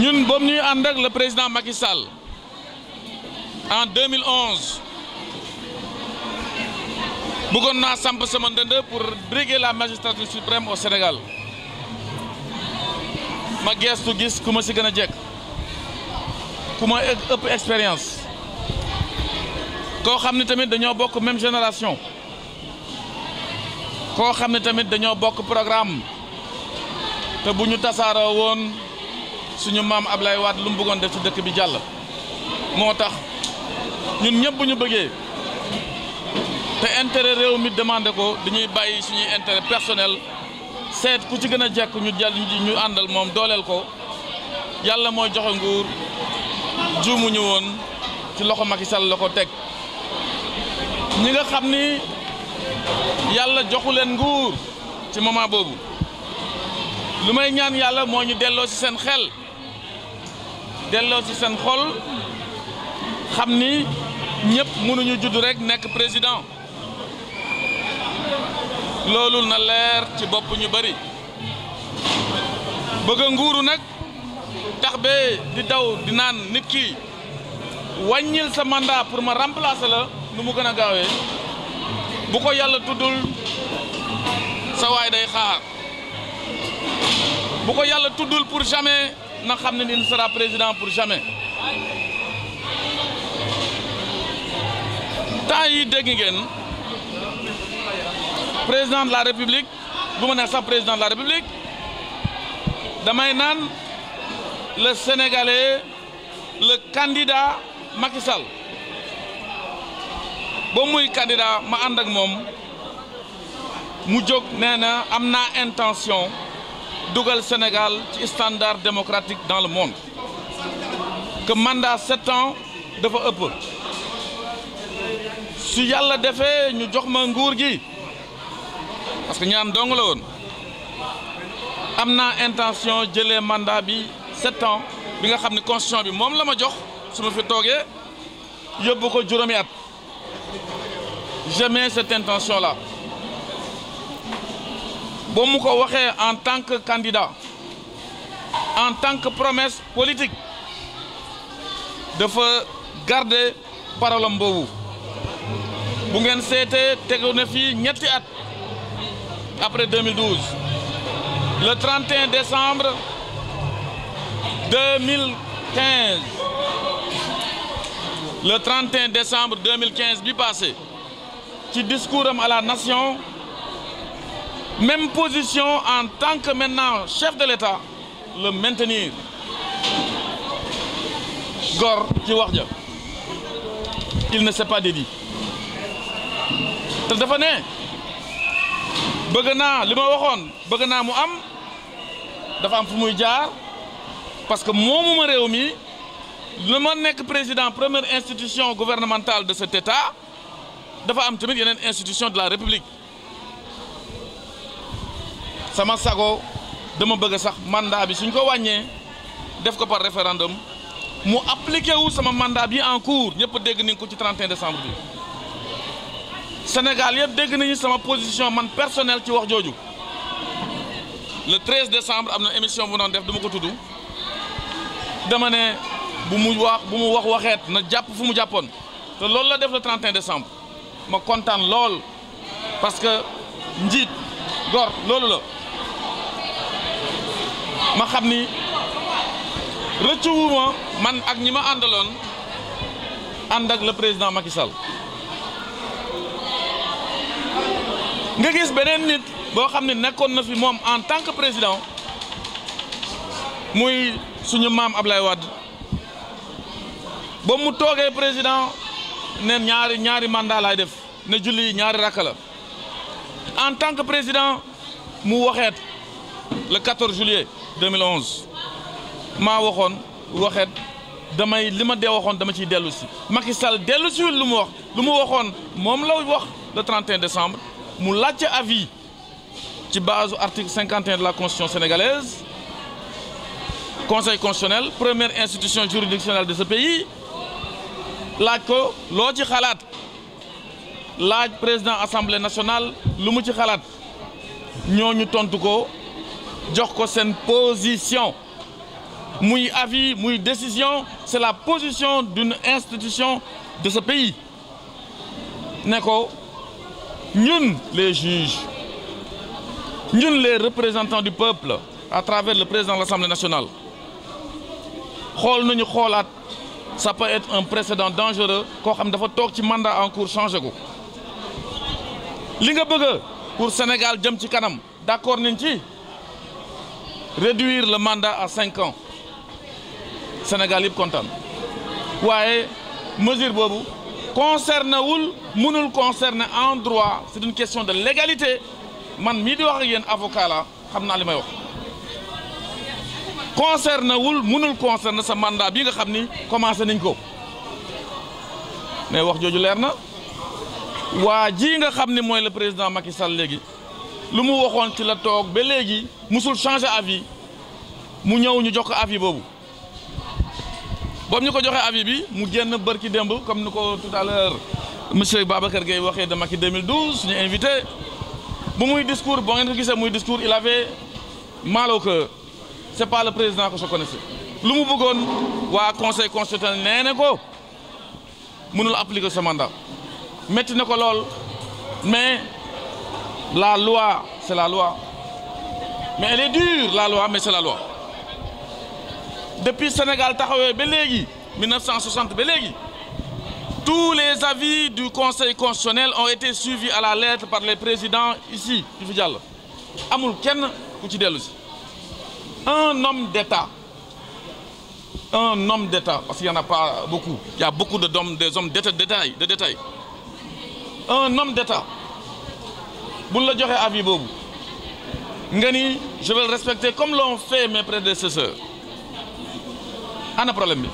ñun boobu ñu ànd ak président Macky Sall en 2011 bëggoon naa samp sama ndënd pour briguer la magistrature suprême Sénégal ma geestu gis ku ma si gën a jekk ku ma ëpp expérience koo xam ne tamit dañoo bokk même génération koo xam ne tamit dañoo bokk programme te bu ñu tasaaroo woon. suñu maam Ablaye Wade lu mu bëggoon def ci dëkk bi jàll moo tax ñun ñëpp ñu bëggee te intere réew mi demandé ko dañuy bàyyi suñuy intérêt personnel seet ku ci gën a jekk ñu jàll ñu àndal moom dooleel ko yàlla mooy joxe nguur juumuñu woon ci loxo Macky Sall la ko teg ñi nga xam ni yàlla joxu leen nguur ci moment boobu lu may ñaan yàlla moo ñu delloo ci seen xel delloo ci seen xol xam ni ñëpp mënuñu judd rek nekk président loolu na leer ci bopp ñu bari bëgg nguuru nag tax ba di daw di naan nit ki wàññil sa mandat pour ma remplacer la nu mu gën a gaawee bu ko yàlla tuddul sa waay day xaar bu ko yàlla tuddul pour jamais na xam ne il sara président pour jamais temps yi dégg ngeen président de la république bu ma ne sax président de la république damay naan le sénégalais le kandida Macky Sall ba muy kandida ma ànd ak moom mu jóg nee na am na intention. dugal Sénégal ci standard démocratique dans le monde que mandaa sept ans dafa ëpp su yàlla defee ñu jox ma nguur gi parce que ñaan dong la woon am naa intention jëlee mandat bi setan bi nga xam ne constitution bi moom la ma jox su ma fi toogee yóbbu ko juróomi at jamais cette intention là. ba mu ko waxee en tant que candidat en tant que promesse politique dafa garde parole am bu ngeen seetee tegu na ñetti at après 2012 le 31 décembre 2015 le 31 décembre 2015 bi passé ci discours am à la nation même position en tant que maintenant chef de l'État le maintenir gor ci wax ja il ne s'est pas dédié te dafa ne bëgg na li ma waxoon bëgg naa mu am dafa am fu muy jaar parce que moomu ma réew mi lu ma nekk président première institution gouvernementale de cet état dafa am tamit yeneen institution de la république sama sago dama bëgg sax mandat bi suñ ko wàññee def ko par référendum mu appliqué wu sama mandat bi en cours ñëpp dégg nañ ko ci 31 décembre bi Sénégal yëpp dégg nañu sama position man personnel ci wax jooju le 13 décembre am na émission bu noonu def dama ko tudd dama ne bu mu wax bu mu wax waxeet na jàpp fu mu jàppoon te loolu la def le 31 décembre ma kontaan lool parce que njiit gor loolu la. ma xam ni rëccuwuma man ak ñi ma àndaloon ànd ak le président Macky Sall nga gis beneen nit boo xam ne nekkoon na fi moom en tant que président muy suñu maam ab lay Wade ba mu toogee président ne ñaari ñaari mandat laay def ne julli ñaari rakka la en tant que président mu waxeet le 14 juillet 2011 maa waxoon waxet damay li ma dee waxoon dama ciy dellu si Macky Sall dellu siwul lu mu wax lu mu waxoon moom la wax le 31 décembre mu laajte avis ci base article 51 de la constitution sénégalaise conseil constitutionnel première institution juridictionnelle de ce pays laaj ko loo ci xalaat laaj président assemblée nationale lu mu ci xalaat ñooñu tontu ko jox ko seen position muy avis muy décision c'est la position d'une institution de ce pays ne ko ñun les juges ñun les représentants du peuple à travers le président de l'Assemblée nationale xool nañu xoolaat ça peut être un précédent dangereux koo xam dafa toog ci mandat en cours changé ko li nga bëgg pour Sénégal jëm ci kanam d'accord nañ ci réduire la mandat à cinq ans Sénégal yëpp kontaan waaye mesure boobu concerne wul mënul concerner en droit c'est une question de légalité man mii di wax ak yéen avocat xam naa li may mënul concerner sa mandat bi nga xam ni commencé nañ ko mais wax jooju leer na waa ji nga xam ni mooy la président Macky Sall léegi lu mu waxoon ci la toog ba léegi musul changé avis mu ñëw ñu jox ko avis boobu boobu ñu ko joxee avis bi mu génn bërki démb comme nu ko tout à l'heure monsieur Babacar Gueye waxee de Macky 2012 ñu invité bu muy discours boo ngeen ko gisee muy discours il avait mal au cœur c'est le président que je si lu mu bëggoon waa conseil constitutionnel nee na ko mënul appliquer sa mandat métti na ko lool mais La loi, c'est la loi. Mais elle est dure, la loi, mais c'est la loi. Depuis Sénégal taxawee ba léegi 1960 ba léegi tous les avis du Conseil constitutionnel ont été suivis à la lettre par les présidents ici du fi amul kenn ku ci dellu si un homme d'État un homme d'État parce qu'il na en a pas beaucoup il beaucoup de hommes des hommes d'État de détail de détail un homme d'État buñ la joxee avis boobu nga ni je vais le respecter comme l'ont fait mes prédécesseurs ana bi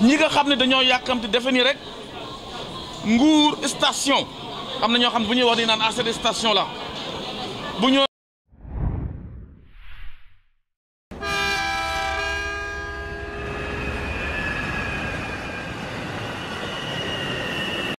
ñi nga xam ne dañoo yàkkamti defe nii rek nguur station am na ñoo xam ne bu ñuy wax di naan à ah, cette station là bu ñu